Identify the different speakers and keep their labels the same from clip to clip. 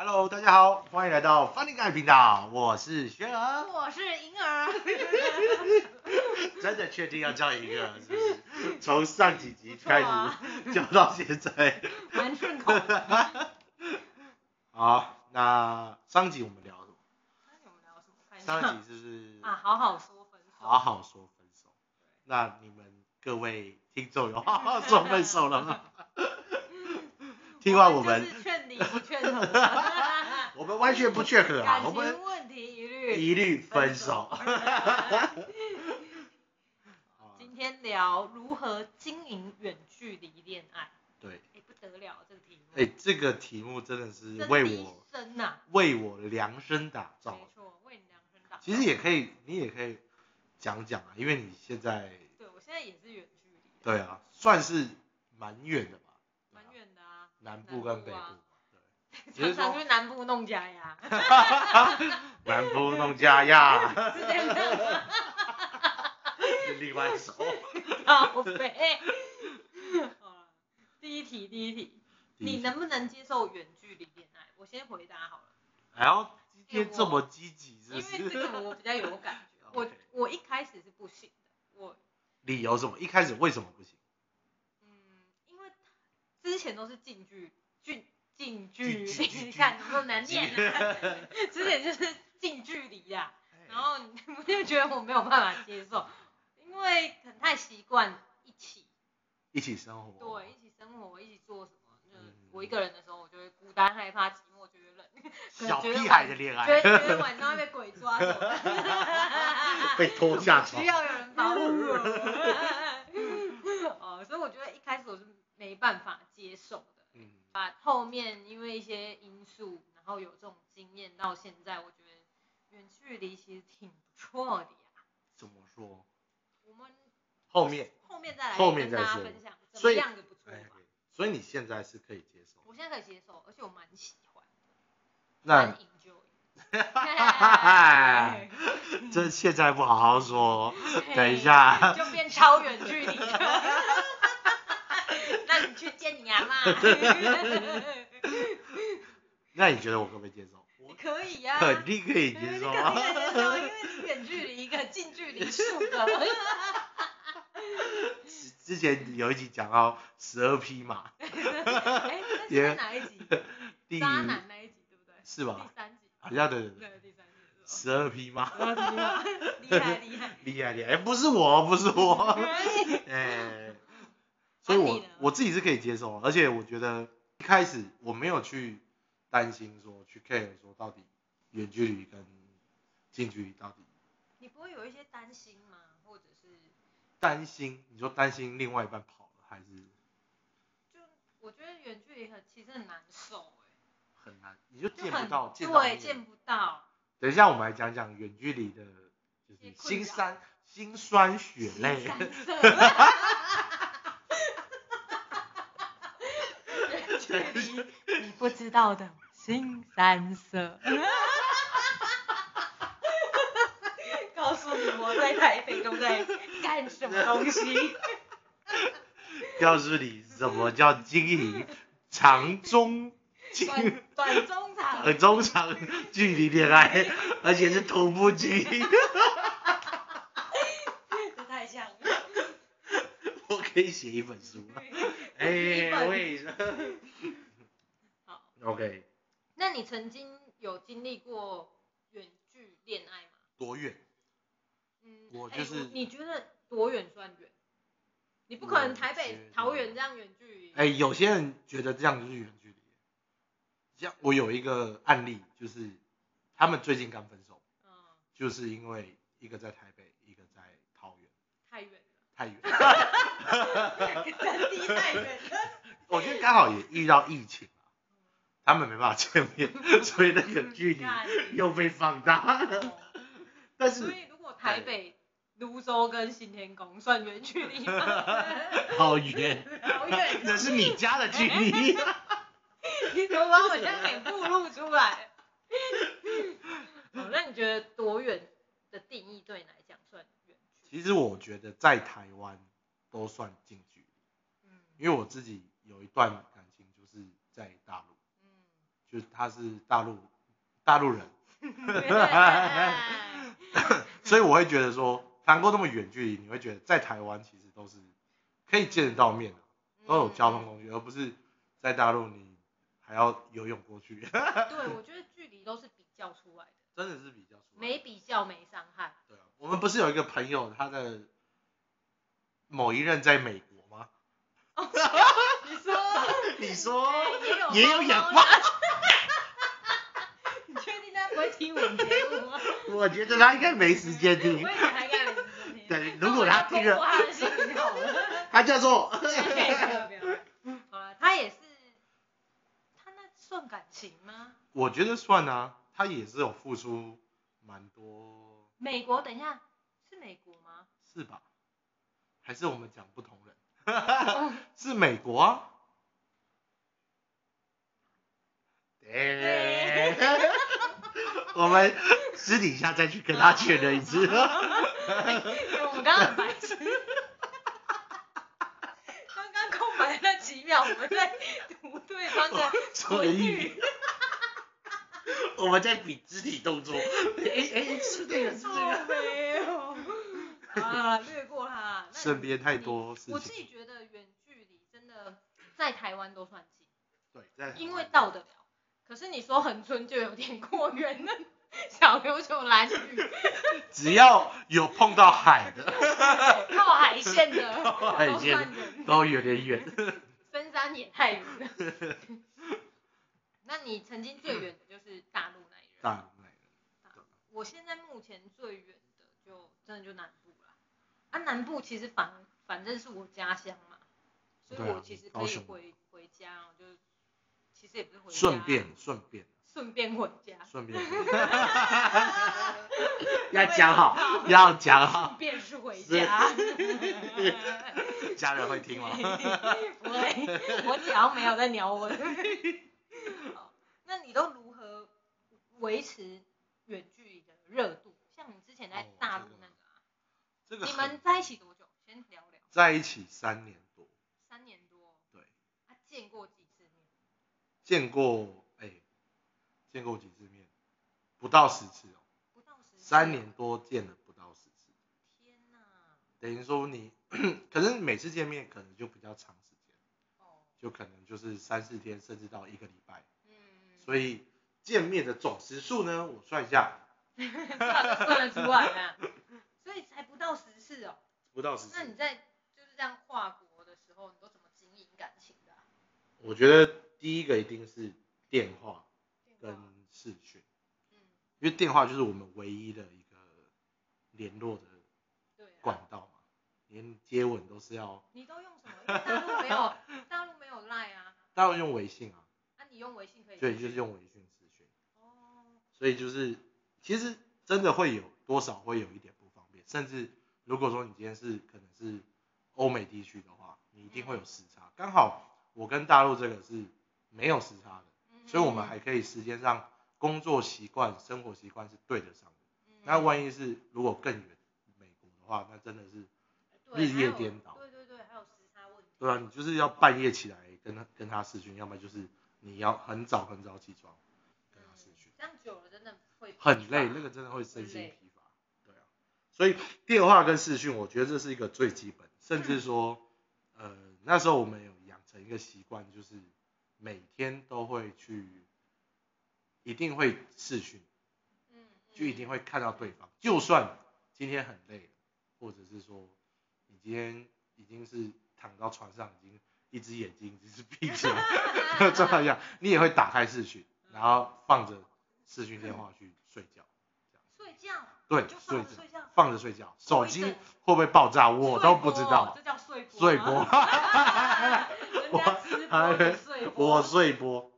Speaker 1: Hello，大家好，歡迎來到 Funny Guy 頻道，我是軒兒，
Speaker 2: 我是瑩兒，
Speaker 1: 真的確定要叫一個？是不是？從上幾集開始叫、啊、到現在，蠻順口的。好，那上集我們聊什麼？上集就是，不是啊，好好說分手。好好說分手。那你們各位聽眾有好好說分手了嗎？ 聽完我們，我們勸你，勸你.。 完全不契合感情 啊！我們感情問題一律一律分手。
Speaker 2: 今天聊如何經營遠距離戀愛。對，哎不得了、啊、這個
Speaker 1: 題目。哎，這個題目真的是為我量身、啊、為我量身打造。沒錯，為你
Speaker 2: 量身打造。其實也
Speaker 1: 可以，你也可以講講啊，因為你現在。
Speaker 2: 對，我
Speaker 1: 現在也是遠距離。對啊，算是蠻遠的吧，蠻遠的啊，啊，南部跟北部。常常去
Speaker 2: 南部弄家呀！
Speaker 1: 南部弄家呀！ 哈哈哈哈哈！肥、欸。第
Speaker 2: 一題，第一題，一題你能不能接受遠距離戀愛？我先回答好
Speaker 1: 了。哎喲，今天這麼積極，是不是？
Speaker 2: 因為這個我比較有感覺。 我我一開始是不行的，我。
Speaker 1: 理由什麼？一開始為什麼不行？嗯，
Speaker 2: 因為之前都是近距距。遠距離，你看有沒、就是、難唸啊？之前就是遠距離啊，然後我就覺得我沒有辦法接受，因爲很太習慣一起，
Speaker 1: 一起生活，
Speaker 2: 對，一起生活，一起做什麼？就是、我一個人的時候，我就會孤單、害怕、寂
Speaker 1: 寞、覺得冷。得小屁孩的戀愛覺得，覺得
Speaker 2: 晚上會被鬼抓走的。 被拖下床，需要有人保護、啊。 哦，所以我覺得一開始我是沒辦法。後面因為一些因素，然後有這種經驗到現在，我覺得遠距離其實挺不錯的呀。
Speaker 1: 怎麼說？我們後面
Speaker 2: 後面再來跟大家分享什麼
Speaker 1: 樣的不錯。所以你現在是可以接
Speaker 2: 受，我現在可以接受，
Speaker 1: 而且我蠻喜歡。那這現在不好好說，等一下就
Speaker 2: 變超遠距離。你去
Speaker 1: 見你娘嘛？那你覺得我可不可以接受？可以呀，肯定可以接受啊。可以接受，因為你遠距離
Speaker 2: 一個近距離
Speaker 1: 數個。之之前有一集講到十二匹馬。哎，那是哪一集？渣男那一集對不對？是吧？第三集。要對，第三集。十二匹馬。厲害厲害。厲害厲害，不是我，不是我。可以。哎。所以我，我我自己是可以接受，而且我覺得一開始我沒有去擔心說去 care 說到底遠距離跟近距離到底。你不會有
Speaker 2: 一些擔心嗎？
Speaker 1: 或者是擔心？你說擔心另外一半跑了還是？就我覺
Speaker 2: 得遠距離很其實很難受
Speaker 1: 欸，很難，你就見不到，見不到。對，
Speaker 2: 見不到。
Speaker 1: 等一下我們來講講遠距離的，就是心酸心酸、血淚。
Speaker 2: 你你不知道的新三色，
Speaker 3: 告訴你我在台北都在幹什麼東
Speaker 1: 西。告訴你什麼叫經營長中，短
Speaker 2: 短中長，很
Speaker 1: 中長距離戀愛，而且是同步經營，哈哈哈哈哈，這太像了。我可以寫一本書嗎？哎，欸、為什麼？OK，
Speaker 2: 那你曾經有經歷過遠距戀愛嗎？多遠？
Speaker 1: 嗯，我就是、欸、你
Speaker 2: 覺得多遠算遠？你不可能台北、桃園這樣遠距
Speaker 1: 離。哎、欸，有些人覺得這樣就是遠距離。像我有一個案例，就是他們最近剛分手，嗯、就是因為一個在台北，一個在桃園。太遠了，太遠了。哈哈哈真的太遠了。我覺得剛好也遇到疫情。他們沒辦法見面，所以那個距離又被放大了。但是，所以如
Speaker 2: 果台北、蘆對洲跟新天宮算遠距離
Speaker 1: 嗎？好遠 遠。好遠遠，那是你家的距離。欸、 你
Speaker 2: 怎麼把我家給暴露出來？ 好，那你覺得多遠的定義對你來講算遠？
Speaker 1: 其實我覺得在台灣都算近距離，嗯、因為我自己有一段感情就是在大陸。就他是大陸大陸人， Yeah. 所以我會覺得說，談過那麼遠距離，你會覺得在台灣其實都是可以見得到面，都有交通工具，嗯、而不是在大陸你還要游泳過去。 對，我
Speaker 2: 覺得距離都是比較出來的，
Speaker 1: 真的是比較
Speaker 2: 出來，沒比較沒傷害。對、啊、
Speaker 1: 我們不是有一個朋友他的某一任在美國嗎？
Speaker 2: 你說、哦，你說，也有眼光。
Speaker 1: 我我覺得他應該沒時間聽。如果他聽了，
Speaker 2: 他叫做？他也是，他那算感情嗎？
Speaker 1: 我覺得算啊，他也是有付出蠻多。
Speaker 2: 美國，等一下，是美國嗎？
Speaker 1: 是吧？還是我們講不同人？是美國啊？ 我們私底下再去跟他確認一次。 哎、
Speaker 2: 我剛剛白痴，剛剛空白了那幾秒，我們在讀對方的
Speaker 1: 唇語。 我們在比肢體動作，哎
Speaker 2: 哎，哎哎
Speaker 3: 是這個是這個沒有。
Speaker 2: 啊，略過哈
Speaker 1: 身邊太多，我
Speaker 2: 自己覺得遠距離真的在台灣都算近。
Speaker 1: 對，在，
Speaker 2: 因為到的。可是你說恆春就有點過遠了，小琉球、球、蘭嶼。
Speaker 1: 只要有碰到海的，
Speaker 2: 靠 海線的，靠海線的都有點遠，深山也太遠了。 那你曾經最遠的就是大陸那一
Speaker 1: 邊？大陸那一
Speaker 2: 邊。我現在目前最遠的就真的就南部了，啊，啊南部其實反，反正是我家鄉嘛，所以我其實可以回，啊，回家我就。
Speaker 1: 順便順便
Speaker 2: 順便回家，
Speaker 1: 順便
Speaker 2: 要講好，要講好，順便是回家。
Speaker 1: 是 家人會聽嗎？
Speaker 2: 我只要沒有在鳥我。 那你都如何維持遠距離
Speaker 1: 的熱度？
Speaker 2: 像你之前在大陸那個、啊，哦這個、你們在一起多久？先
Speaker 1: 聊聊。在一起三年多。
Speaker 2: 三年多。對。他、啊、見過他。
Speaker 1: 見過哎、欸，見過幾次面，不到十次哦、喔，不到十，三年多見了不到十次，天哪，等於說你，可是每次見面可能就比較長時間，哦，就可能就是三四天，甚至到一個禮拜，嗯，所以見面的總時數呢，我算一下，算算得出來啊，
Speaker 2: 所以才不到十次哦， 不到十次，那你在就是這樣跨國的時候，你都怎麼經營感情
Speaker 1: 的、啊？我覺得。第一個一定是電話跟視訊，因為電話就是我們唯一的一個聯絡的管道嘛，連接吻都是要。你都用什
Speaker 2: 麼？大陸沒有，大陸沒有賴
Speaker 1: 啊。大陸用微信啊。那你
Speaker 2: 用微信可以。
Speaker 1: 對，就是用微信視訊。哦。所以就是，其實真的會有多少會有一點不方便，甚至如果說你今天是可能是歐美地區的話，你一定會有時差。剛好我跟大陸這個是。沒有時差的，所以我們還可以時間上工作習慣、生活習慣是對得上的。那、嗯、哼萬一是如果更遠美國的話，那真的是日夜顛倒。對
Speaker 2: 對對，還有
Speaker 1: 時差問題。對啊，你就是要半夜起來跟他跟他視訊，要不然就是你要很早很早起床
Speaker 2: 跟他視訊、嗯。這樣久了真
Speaker 1: 的會很累，那個真的會身心
Speaker 2: 疲乏。累
Speaker 1: 對啊，所以電話跟視訊，我覺得這是一個最基本，甚至說，嗯、呃，那時候我們有養成一個習慣，就是。每天都會去，一定會視訊，嗯，就一定會看到對方。就算今天很累了，或者是說你今天已經是躺到床上，已經一只眼睛只是閉着，這樣，你也會打開視訊，然後放着視訊電話去睡覺，
Speaker 2: 這樣。睡覺。
Speaker 1: 對，睡着，放着睡覺。手機會不會爆炸，我都不知道。這叫睡播，哈哈哈哈哈。 還睡播我睡睡播播，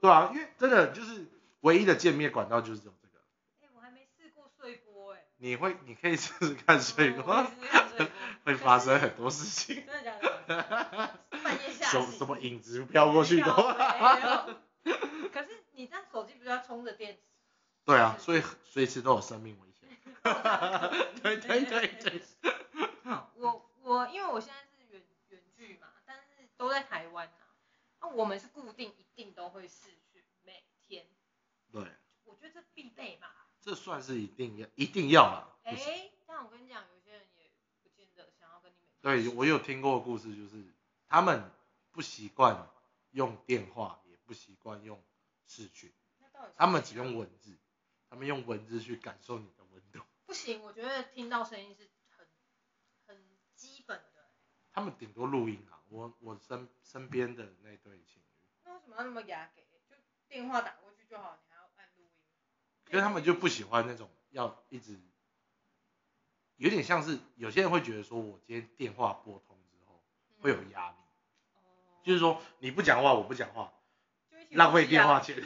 Speaker 1: 對啊，因為真的就是唯一的見面管道就是這種這個。哎、欸，我還沒試過睡播誒、欸、你會，你可以試試看睡播。睡、嗯、 會發生很多事情。真的假的？哈哈哈哈下。 什麼什麼影子飄過去都。沒有。可是
Speaker 2: 你這樣手
Speaker 1: 機不是要充着電池？ 對啊，所以隨時都有生命危險。哈哈哈哈對對對對 我。我我因為
Speaker 2: 我現在是遠遠距嘛，但是都在台灣、啊。那、啊、我們是固定一定都會視訊，每天。對。我覺得這必備
Speaker 1: 吧，這算是一定要一定要哎，但、欸、我跟你講，有
Speaker 2: 些人也不見得想要跟你每
Speaker 1: 天。對，我有聽過的故事，就是他們不習慣用電話，也不習慣用視訊，他們只用文字，他們用文字去感受你的溫度。
Speaker 2: 不行，我覺得聽到聲音是很很基本的、
Speaker 1: 欸。他們頂多錄音啊。我我身身邊的那對情侶，那為什麼要那麼嚴格？就
Speaker 2: 電話打過去就好，
Speaker 1: 你還要按錄音。因為他們就不喜歡那種要一直，有點像是有些人會覺得說，我今天電話撥通之後會有壓力，就是說你不講話我不講話，浪費電話錢，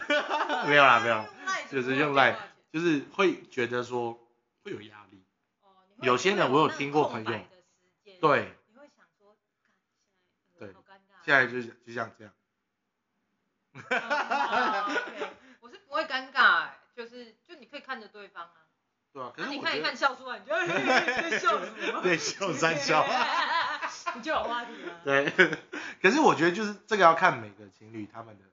Speaker 1: 沒有啦沒有，就是用 LINE，就是會覺得說會有壓力。哦，有些人我有聽過朋友，對。下來就就像這樣， oh,
Speaker 2: okay. 我是不會尷尬、欸，哎，就是就你可以看着對方啊。
Speaker 1: 對啊。可是你看一看笑出來，你就哈笑死我對，笑三笑。 你就有話題了。對。可是我覺得就是這個要看每個情侶他們的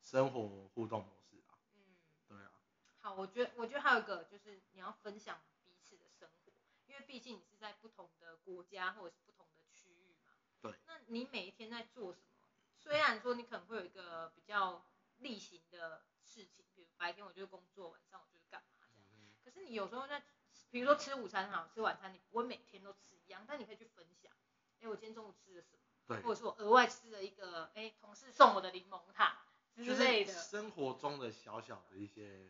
Speaker 1: 生活互動模式啊。嗯。
Speaker 2: 對啊、嗯。好，我覺得我覺得還有一個就是你要分享彼此的生活，因為畢竟你是在不同的國家或者是不同。對，那你每一天在做什麼？雖然說你可能會有一個比較例行的事情，比如白天我就工作，晚上我就幹嘛這樣。可是你有時候在，比如說吃午餐哈，吃晚餐，你不會每天都吃一樣，但你可以去分享。哎、欸，我今天中午吃了什麼？對，或者是我額外吃了一個，哎、欸，同事送我的檸檬塔之類的。
Speaker 1: 生活中的小小的一些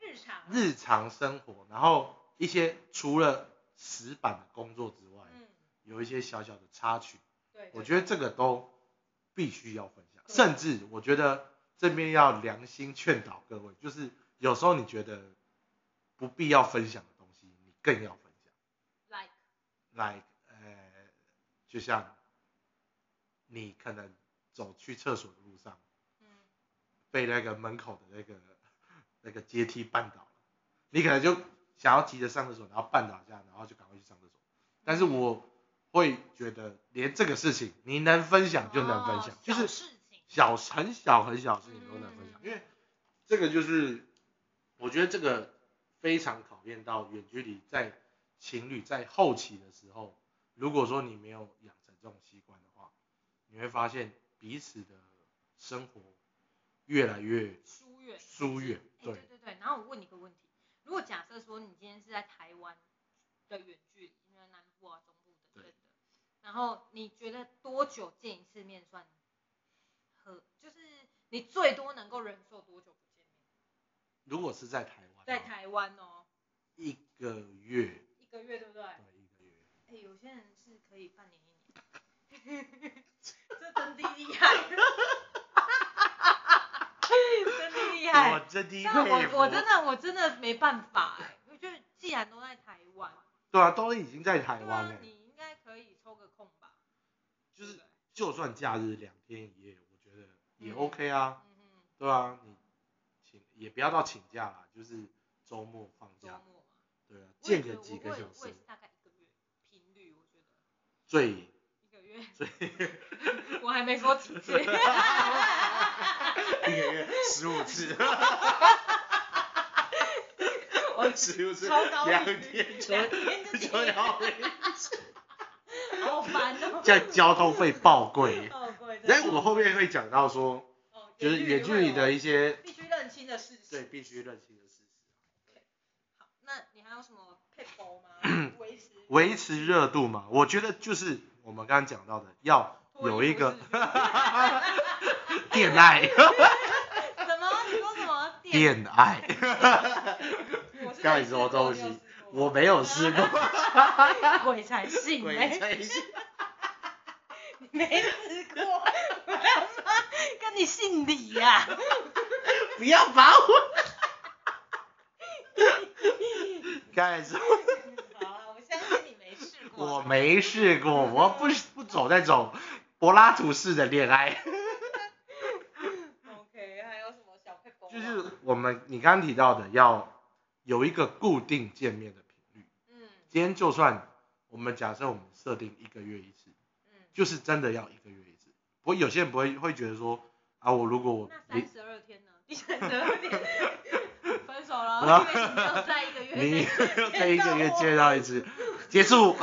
Speaker 1: 日常，日常生活，然後一些除了死板的工作之外。嗯有一些小小的插曲，對對對，我覺得這個都必須要分享。對，甚至我覺得這邊要良心勸導各位，就是有時候你覺得不必要分享的東西，你更要分享。Like，like，like，呃，就像你可能走去廁所的路上，嗯、被那個門口的那個那個階梯絆倒了，你可能就想要急着上廁所，然後絆倒一下，然後就趕快去上廁所。嗯、但是我。會覺得連這個事情你能分享就能分享，哦、事情就是小很小很小的事情都能分享，嗯、因為這個就是我覺得這個非常考驗到遠距離在情侶在後期的時候，如果說你沒有養成這種習慣的話，你會發現彼此的生活越來越疏遠，疏遠對，對對
Speaker 2: 對。然後我問你一個問題，如果假設說你今天是在台灣的遠距離，因為南部啊然後你覺得多久見一次面算合？就是你最多能夠忍受多久不見
Speaker 1: 面？如果是在台灣、啊？
Speaker 2: 在台灣哦、喔。一個
Speaker 1: 月。一個月對
Speaker 2: 不對？對一個月、欸。有些人是可以半年一年。 這真的厲害！哈哈哈哈哈哈！真的厲害。我真的我。我真的。我真的我真的沒辦法哎、欸，我既然都在台灣。
Speaker 1: 對啊，都是已經在台灣就是就算假日兩天一夜，我覺得也 OK 啊，嗯哼對啊，你、嗯、請也不要到請假啦，就是周末放假，週末對啊，見個幾個小時。我也是大概一個月頻率，我覺得最一個月最，
Speaker 2: 我還沒說幾天， 一個月十五次，我十
Speaker 3: 五次，兩天就兩
Speaker 1: 在交通費爆貴，哎， 我後面會講到說，就是遠距離的一些必須認清的事實，對，必須認清的事實。那你還有什
Speaker 2: 麼配包
Speaker 1: 嗎？維持熱度嘛，我覺得就是我們剛剛講到的，要有一個電愛。什 麼？你說什麼？電愛？幹 你說什麼東西？我沒有試過、
Speaker 2: 啊，鬼才信、欸，鬼才信， 你沒試過， 跟你姓李呀、
Speaker 1: 啊？不要把我，幹 什麼？ 好，我相信你沒試過，是是，我沒試過，我不不走在走柏拉圖式的戀愛。 OK，還有什麼小撇步？就是我們你剛提到的，要有一個固定見面的。今天就算我們假設我們設定一個月一次，嗯、就是真的要一個月一次。不過有些人不會會覺得說，啊我如果我那三十二天呢？ 分手了囉， 你。 你可以在一個月，只在一個月見到一次， 結束，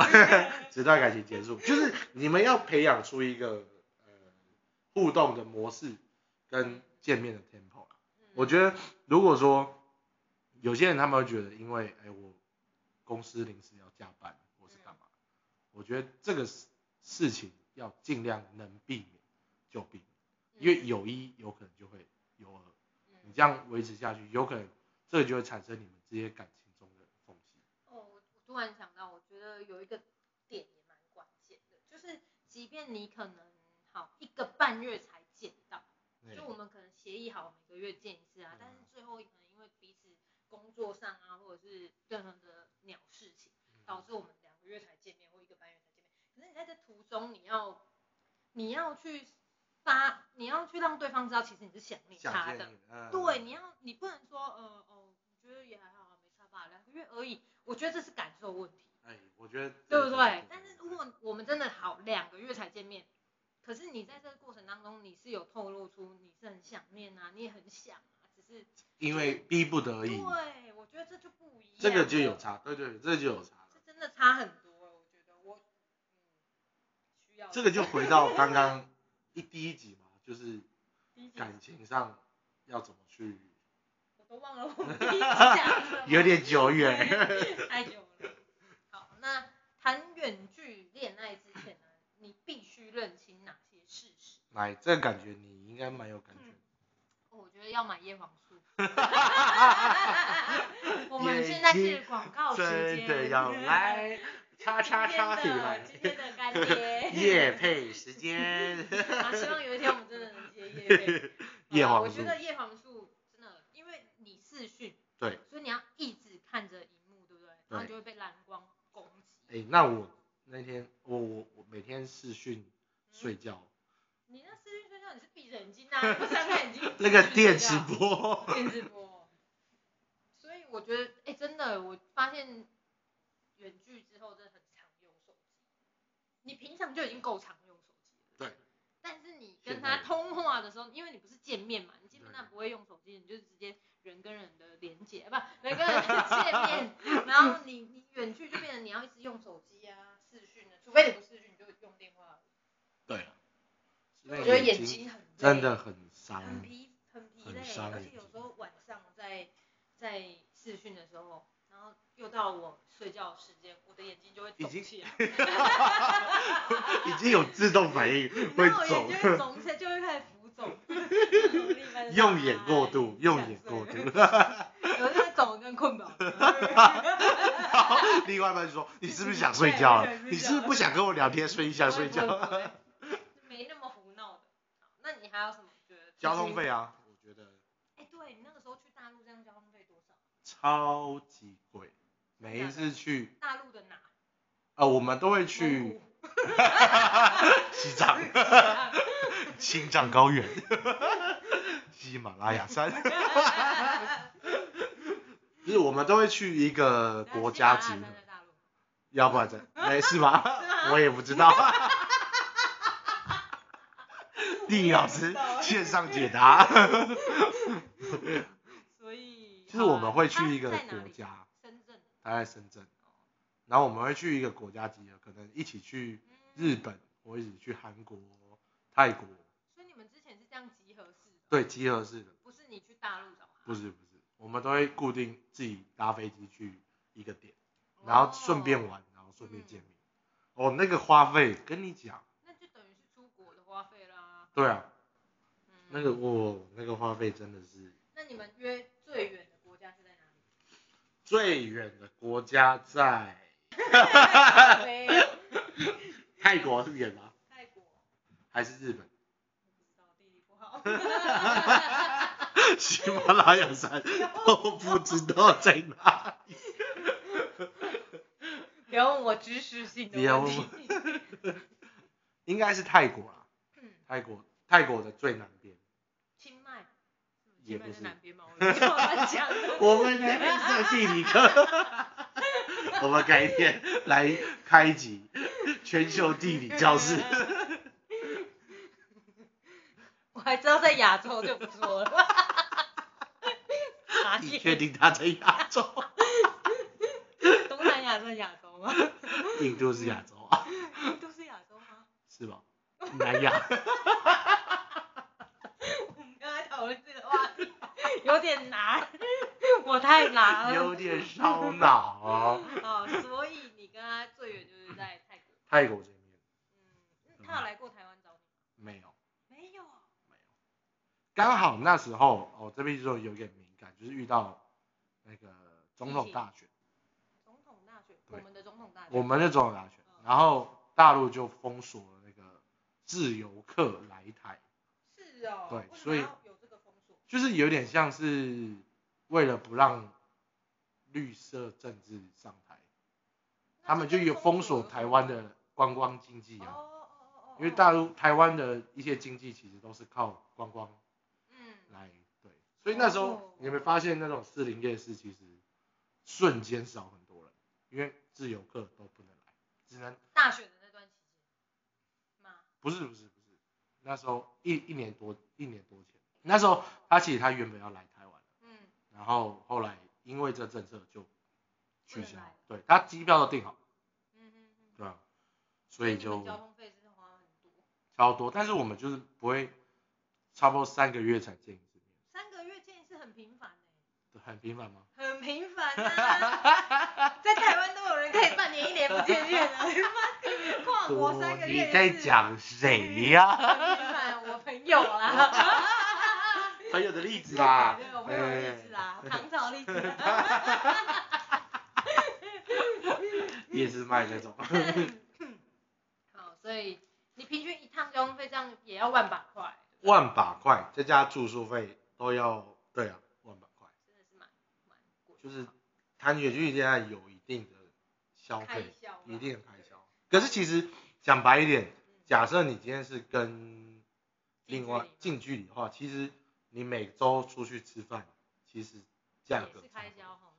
Speaker 1: 這 段感情結束。就是你們要培養出一個、呃、互動的模式跟見面的 tempo、啊。嗯、我覺得如果說有些人他們會覺得，因為哎、欸、我。公司臨時要加班，或是幹嘛？嗯、我覺得這個事事情要儘量能避免就避免，嗯、因為有一有可能就會有二，嗯、你這樣維持下去，嗯、有可能這就會產生你們之間感情中的縫隙。哦，
Speaker 2: 我突然想到，我覺得有一個點也蠻關鍵的，就是即便你可能好一個半月才見到，嗯、
Speaker 1: 就我們可能協議好
Speaker 2: 每個月見一次啊，嗯、但是最後一。工作上啊，或者是任何的鳥事情，導致我們兩個月才見面，或一個半月才見面。可是你在這途中，你要，你要去發，你要去讓對方知道，其實你是想念他的。嗯、對，嗯、你要，你不能說，呃，哦，我覺得也還好，沒差吧，兩個月而已。我覺得這是感受問題。哎、欸，我
Speaker 1: 覺得，覺得。對不對？
Speaker 2: 但是如果我們真的好，兩個月才見面，可是你在這個過程當中，你是有透露出你是很想念啊，你也很想。
Speaker 1: 是因為逼不得已。對，
Speaker 2: 我覺得這就不一
Speaker 1: 樣。這個就有差，對對,對，這個、就有差了。
Speaker 2: 這真的差很多，我覺得我、嗯、需要。這個就回到剛剛
Speaker 1: 一第一集嘛， 就是感情上要怎麼去。我
Speaker 2: 都忘了我
Speaker 1: 第一集講了。 有點久遠 太
Speaker 2: 久了。好，那談遠距戀愛之前呢，你必須認清哪些事
Speaker 1: 實？來，這個、感覺你應該蠻有感覺。嗯
Speaker 2: 要買葉黃素。
Speaker 1: 哈哈哈哈哈哈！ 天我們現在是廣告時間，真的要來。叉，叉，叉來，叉的今天的乾爹。業配時間。啊，希望有一天我們真的能接業配。葉黃素，我覺得葉
Speaker 2: 黃素真的，因為你視訊，對，所以你要一直看着熒幕，對不對？對，然後就會被藍光攻
Speaker 1: 擊、欸。那我那天我我，我每天視訊睡覺、嗯。你那
Speaker 2: 視訊？你是閉著眼睛啊，不張開眼
Speaker 1: 睛。 那個電磁波。電磁波。
Speaker 2: 所以我覺得，哎、欸，真的，我發現遠距之後真的很常用手機。你平常就已經夠常用手機了。對。但是你跟他通話的時候，因為你不是見面嘛，你見面上不會用手機，對你就直接人跟人的連接，不，人跟人見面， 然後你你遠距就變成你要一直用手機啊，視訊，除非你不視訊，你就用電話。
Speaker 1: 我覺得眼睛，很真的很傷，很疲很疲累，而且
Speaker 2: 有時候晚上在在視訊的時候，然後又到我睡覺時間，我的眼睛就會腫起來，
Speaker 1: 已經有自動反應會腫，腫一
Speaker 2: 下就會開始浮腫。
Speaker 1: 用眼過度，用眼過度，有時候
Speaker 2: 腫更困吧。
Speaker 1: 另外一半就說你是不是想睡覺了？你是不是不想跟我聊天，睡一下睡覺。交通費啊，我覺得。哎，對，你那個時候去大陸這樣交
Speaker 2: 通費多少？
Speaker 1: 超級貴，每一次去。
Speaker 2: 大陸的
Speaker 1: 哪？啊，我們都會去。東湖 西藏。青藏高原。喜 馬拉雅山。
Speaker 3: 就
Speaker 1: 是我們都會去一個國家級。大陸。要不然這沒事吧？啊，我也不知道。 電影老師線上解答， 所以就是我們會去一個國家，他在深圳，他在深圳，然後我們會去一個國家集合，可能一起去日本，或者、嗯、去韓國、泰國。所以你們之前是這樣集合式的？對，集合式的。
Speaker 2: 不是你去大陸
Speaker 1: 的嗎、哦？不是不是，我們都會固定自己搭飛機去一個點，然後順便玩，然後順便見面。哦，哦，那個花費跟你講。對啊，嗯、那個我、哦、那個花費真的是的。那你們約最遠的國家是在
Speaker 2: 哪
Speaker 1: 裡？最遠的國家在。哈，泰國這麼遠嗎？泰國。還是日本？啊、日本倒不好。喜 馬拉雅山都不知道在哪裡
Speaker 2: 別問我知識性的問題。
Speaker 1: 應該是泰國、啊泰國，泰國的最南邊。清邁麥，嗯、清
Speaker 2: 邁
Speaker 1: 在南邊嗎？也不是 我們來我們地理課。 我們改天來開一集全球地理教室。
Speaker 2: 我還知道在亞洲就不錯了。 你確定
Speaker 1: 它在亞洲？東南亞是亞
Speaker 2: 洲
Speaker 1: 嗎？印 度是亞洲啊？印度是亞洲嗎？是吧？哎呀，我們剛
Speaker 2: 才討論這個話題有點難，我太難了。有點燒腦。
Speaker 1: 哦，所以你跟他最
Speaker 2: 遠就是在泰
Speaker 1: 國。泰國這邊。嗯，他有來
Speaker 2: 過台灣找你？沒有。沒有。沒有。
Speaker 1: 剛好那時候，我這邊就有點敏感，就是遇到那個總統大選。總統大選。對。我們的總統大選。我們的總統大選，然後大陸就封鎖了。自由客來台。
Speaker 2: 是哦？對。為
Speaker 1: 什麼？所以有這個封鎖就是有點像是為了不讓綠色政治上台，他們就有封鎖台灣的觀光經濟啊，哦，哦，哦，因為大陸台灣的一些經濟其實都是靠觀光，嗯，來。對，所以那時候，哦、你有沒有發現那種士林夜市其實瞬間少很多了，因為自由客都不能來，只能大選。不是不是不是，那時候一一年多一年多前，那時候他其實他原本要來台灣，
Speaker 3: 嗯，
Speaker 1: 然後後來因為這政策就取消，對他機票都訂好了，嗯嗯嗯，對啊，所以就交通費真是花很多，超多，但是我們就是不會，差不多三個月才見一次
Speaker 2: 面，三個月見一次很頻繁的。很平凡嗎？很平凡
Speaker 1: 啊， 在台灣都有人可以半年一年不見面的、啊，他 媽跨國三個月你在講誰呀？平凡、啊，
Speaker 2: 我朋友啦，
Speaker 1: 朋 友的例子啦、啊，對，對，對，我朋友例子啦、啊，唐、欸、朝例子、啊。也 是賣那種。 好，
Speaker 2: 所以你平均一趟交通費這樣也要萬把
Speaker 1: 塊？萬把塊，再加住宿費都要，對啊。就是談遠距離現在有一定的消費，銷一定的開銷。對 可是其實講白一點，假設你今天是跟另外近距離的話，其實你每周出去吃飯，其實價格，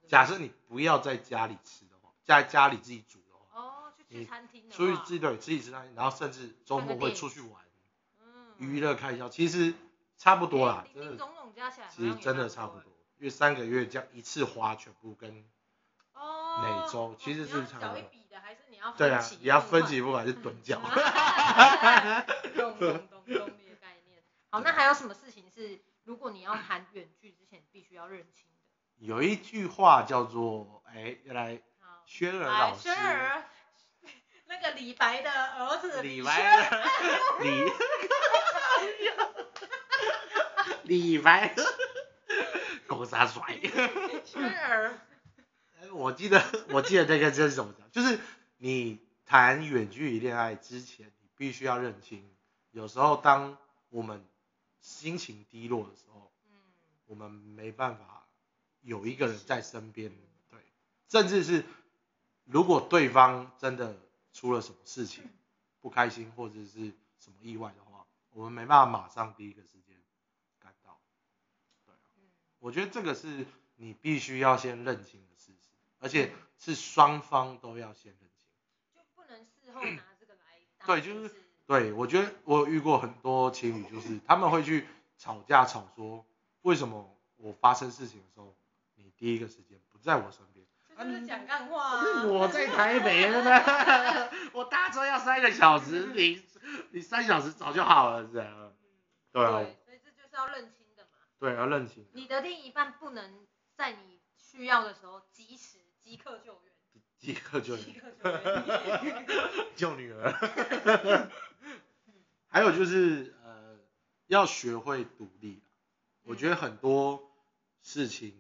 Speaker 1: 假設你不要在家裡吃的話，在家，家裡自己煮的
Speaker 3: 話，哦，去吃餐廳出去自
Speaker 1: 己對，自己吃餐廳，嗯、然後甚至周末會出去玩，嗯，娛樂開銷其實差不多啦，欸、真的，
Speaker 2: 其實真
Speaker 1: 的差不多。約三個月這樣一次花全部跟，哦，每周其實是找一筆的，還
Speaker 2: 是你要對啊，
Speaker 1: 也要分幾步還是躉繳？
Speaker 2: 好，那還有什麼事情是如果你要談遠距之前必須要認清
Speaker 1: 的？有一句話叫做，哎、欸，來，軒兒老師，軒兒、哎，
Speaker 2: 那個李白的兒子，哦、李、李白，
Speaker 1: 李，李、 李白。我傻帥， Sure. 我記得，我記得這個這是什麼？就是你談遠距離戀愛之前，你必須要認清，有時候當我們心情低落的時候，嗯，mm. 我們沒辦法有一個人在身邊，對。甚至是如果對方真的出了什麼事情，不開心或者是什麼意外的話，我們沒辦法馬上第一個是。我覺得這個是你必須要先認清的事實，而且是雙方都要先認清，就不能
Speaker 2: 事
Speaker 1: 後拿這個來、嗯。對，就是對。我覺得我有遇過很多情侶，就是他們會去吵架，吵說，為什麼我發生事情的時候，你第一個時間不在我身邊？他們講幹話、啊啊嗯、我在台北，真的，我搭車要三個小時，你你三小時早就好了，這樣。對，對所以這就是要認清。對，要認清。
Speaker 2: 你的另一半不能在你需要的時候及時即刻
Speaker 1: 救援。即，即刻救援。救女兒。 救女兒 還有就是呃，要學會獨立、嗯、我覺得很多事情、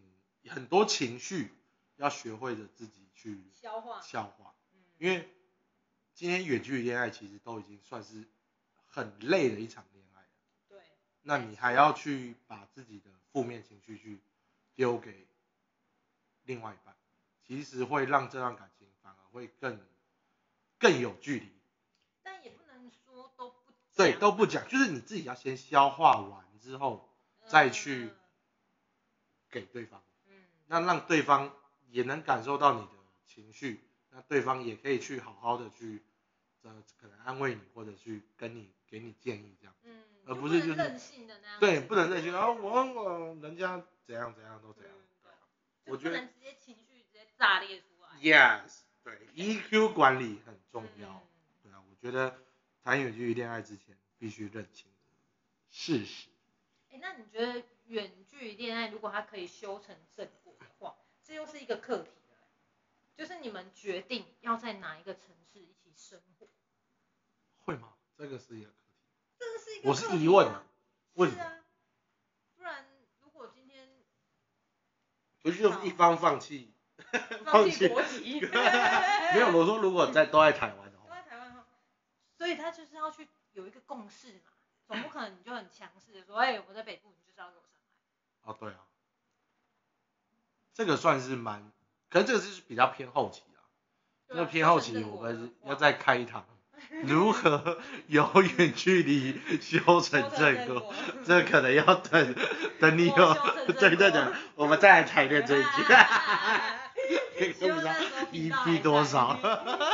Speaker 1: 很多情緒，要學會着自己去
Speaker 2: 消化。
Speaker 1: 消化。嗯。因為今天遠距離戀愛其實都已經算是很累的一場。那你還要去把自己的負面情緒去丟給另外一半，其實會讓這段感情反而會更更有距離。但也
Speaker 2: 不能說都不
Speaker 1: 講，對，都不講，就是你自己要先消化完之後，再去給對方，嗯嗯、那讓對方也能感受到你的情緒，那對方也可以去好好的去，呃，可能安慰你或者去跟你給你建議這樣。嗯
Speaker 2: 而不是、就是、不
Speaker 1: 能任性的那樣，對，不能任性，然後我我人家怎樣怎樣都怎樣，嗯、
Speaker 2: 對，我覺得不能直接情緒直接炸裂出
Speaker 1: 來。Yes，對，對，EQ 管理很重要。對，對啊，我覺得談遠距離戀愛之前必須認清事實。
Speaker 2: 哎、欸，那你覺得遠距離戀愛如果它可以修成正果的話，對這又是一個課題、欸、就是你們決定要在哪一個城市一起生活。
Speaker 1: 會嗎？這個是一個。是我是疑問，問、啊。不然如果今天，不是就一方放棄、
Speaker 2: 啊，放棄國籍。沒有，我說
Speaker 1: 如果在都在台灣的話。都在台灣的話，
Speaker 2: 所以他就是要去有一個共識嘛，總不可能你就很強勢的說，哎、 欸，我在北部，你就是要給我上台。
Speaker 1: 哦、啊，對啊。這個算是蠻，可能這個是比較偏後期啊，啊因為偏後期我們要再開一趟。如何有遠距離修成正果？這可能要等，等你有對對對我們再談的這一段，跟不上 EP 多少？哈哈哈哈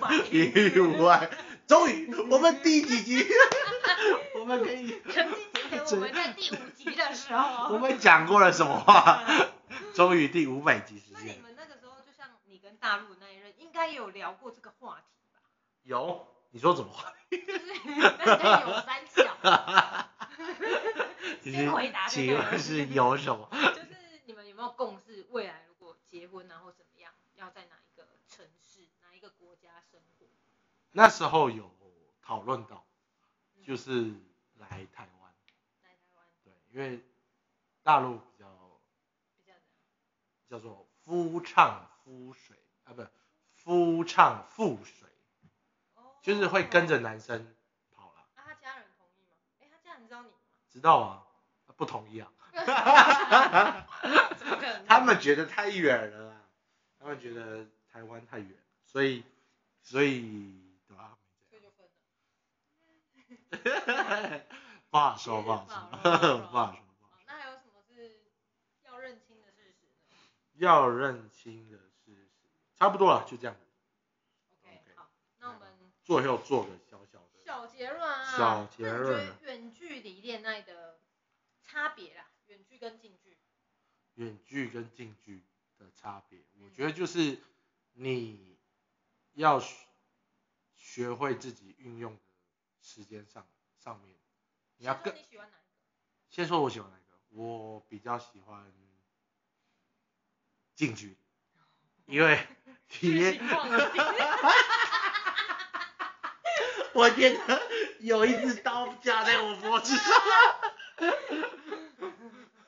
Speaker 1: 哈。EP 五萬，終於我們第幾集？哈哈哈哈哈。我們可以我們在第五集的時候。
Speaker 2: 我們
Speaker 1: 講過了什麼話？終於第五百集是你們那個時候，就像你跟
Speaker 2: 大陸那一任，應該有聊過這個話題。
Speaker 1: 有，你說怎麼會？就是三生有三角。哈哈哈哈哈。回答這個。請問是有什麼？就是
Speaker 2: 你們有沒有共識？未來如果結婚，然後怎麼樣？要在哪一個城市？哪一個國家生活？
Speaker 1: 那時候有討論到，就是來台灣。來台灣。對，因為大陸比較……比較……叫做夫唱婦隨啊，不，夫唱婦隨。就是會跟着男生跑了。那、啊、他
Speaker 2: 家人同意嗎？哎、欸，
Speaker 1: 他家人知道你嗎？知道啊，他不同意啊。怎麼
Speaker 2: 可
Speaker 1: 能？他們覺得太遠了，他們覺得台灣太遠，所以，所以，對吧、啊？這就分了。哈 說哈！不好說不好說，不好說 那還
Speaker 2: 有什麼是要認清的事實
Speaker 1: 呢？要認清的事實，差不多了，就這樣。最後做的小小的
Speaker 2: 小結論啊，小結論。遠距離戀愛的差別啦，遠
Speaker 1: 距跟近距。遠距跟近距的差別，我覺得就是你要學，學會自己運用的時間上上面。你要跟。先說我喜歡哪一個，我比較喜歡近距，因為體驗。 我覺得有一隻刀架在我脖子上，哈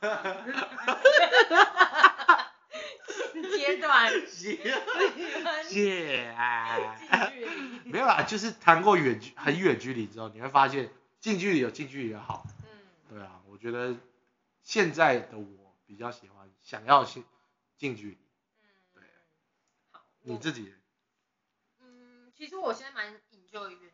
Speaker 1: 哈哈哈哈哈哈哈哈！啊，距沒有啊，就是談過遠距，很遠距離之後，你會發現近距離有近距離的好，嗯，對啊，我覺得現在的我比較喜歡想要近近距離，嗯，對，好，你自己，嗯，其實我現在蠻引咎於。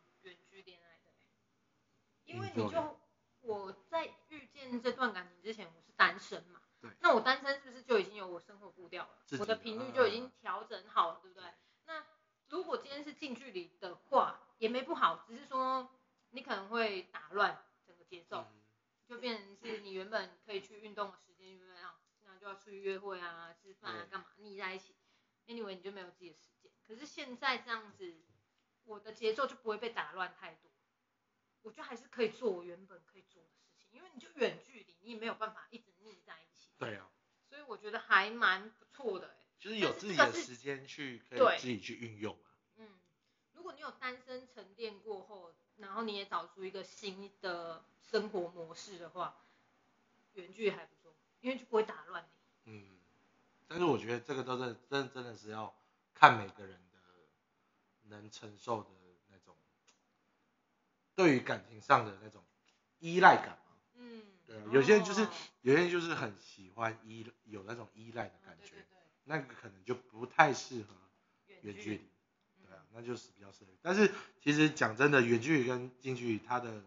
Speaker 1: 因為你就
Speaker 2: 我在遇見這段感情之前，我是單身嘛，對，那我單身是不是就已經有我生活步調了？的我的頻率就已經調整好了，啊啊啊對不對？那如果今天是近距離的話，也沒不好，只是說你可能會打亂整個節奏，嗯、就變成是你原本可以去運動的時間，怎麼樣，那就要出去約會啊、吃飯啊、幹、嗯、嘛膩在一起，Anyway 你就沒有自己的時間？可是現在這樣子，我的節奏就不會被打亂太多。我覺得還是可以做我原本可以做的事情，因為你就遠距離，你也沒有辦法一直膩在一起。
Speaker 1: 對啊、
Speaker 2: 哦，所以我覺得還蠻不錯的、欸、
Speaker 1: 就是有自己的時間去，可以自己去運用啊。嗯，
Speaker 2: 如果你有單身沉澱過後，然後你也找出一個新的生活模式的話，遠距還不錯，因為就不會打亂你。嗯，
Speaker 1: 但是我覺得這個都是真的真的是要看每個人的能承受的。對於感情上的那種依賴感，嗯，
Speaker 3: 對啊，有些人就是，
Speaker 1: 有些人就是很喜歡依，有那種依賴的感覺，那個可能就不太適合遠距離，對啊，那就是比較適合。但是其實講真的，遠距離跟近距離，它的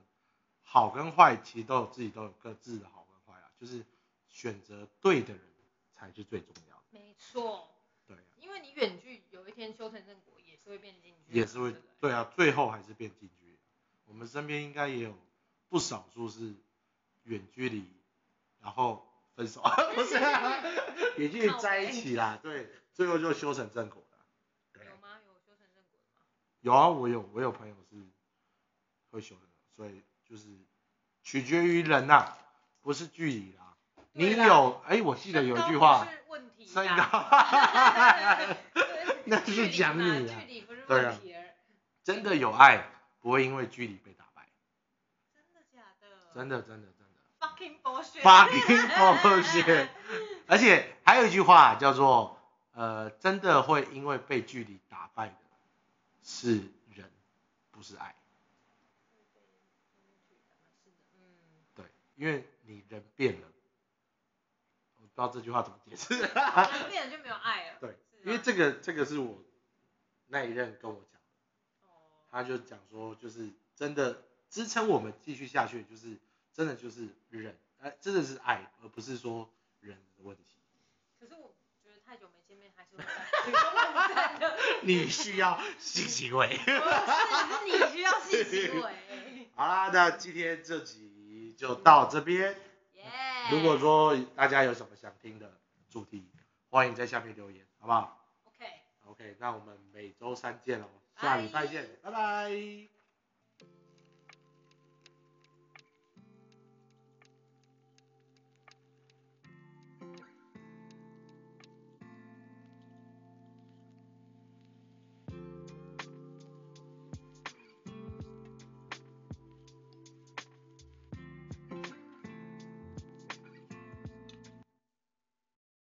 Speaker 1: 好跟壞，其實都有自己都有各自的好跟壞啊，就是選擇對的人才是最重要。
Speaker 2: 沒錯。因為你遠距有一天修成正果，也是會變
Speaker 1: 近距，也是會，對啊，啊啊，最後還是變近距。我們身邊應該也有不少，數是遠距離，然後分手，實 不是，啊，距離是在一起啦，北對，最後就修成正果了，對。有嗎？有修成正果嗎？有啊，我有我有朋友是會修的，所以就是取決於人吶、啊，不是距離、啊、啦。你有哎、欸，我記得有一句話。身高不是問題。哈哈哈！哈哈那是講你啊。對啊，真的有愛。不會因為距離被打敗，真的假的？真
Speaker 2: 的真的真的。Fucking bullshit! Fucking bullshit!
Speaker 1: 而且還有一句話叫做，呃，真的會因為被距離打敗的是人，不是愛。對，因為你人變了，我不知道這句話怎麼解釋。人變了就沒有愛了。對，因為這個這個是我那一任跟我講。他就講說，就是真的支撐我們繼續下去，就是真的就是忍，哎，真的是愛，而不是說忍的問題。可是我覺得太久
Speaker 2: 沒見面，還
Speaker 1: 是我覺得，你需要性行為。
Speaker 2: 不是，是你需要
Speaker 1: 性行為。好啦，那今天這集就到這邊。Yeah. 如果說大家有什麼想聽的主題，歡迎在下面留言，好不好？OK。OK，那我們每週三見了下次 Bye. 再見，拜拜。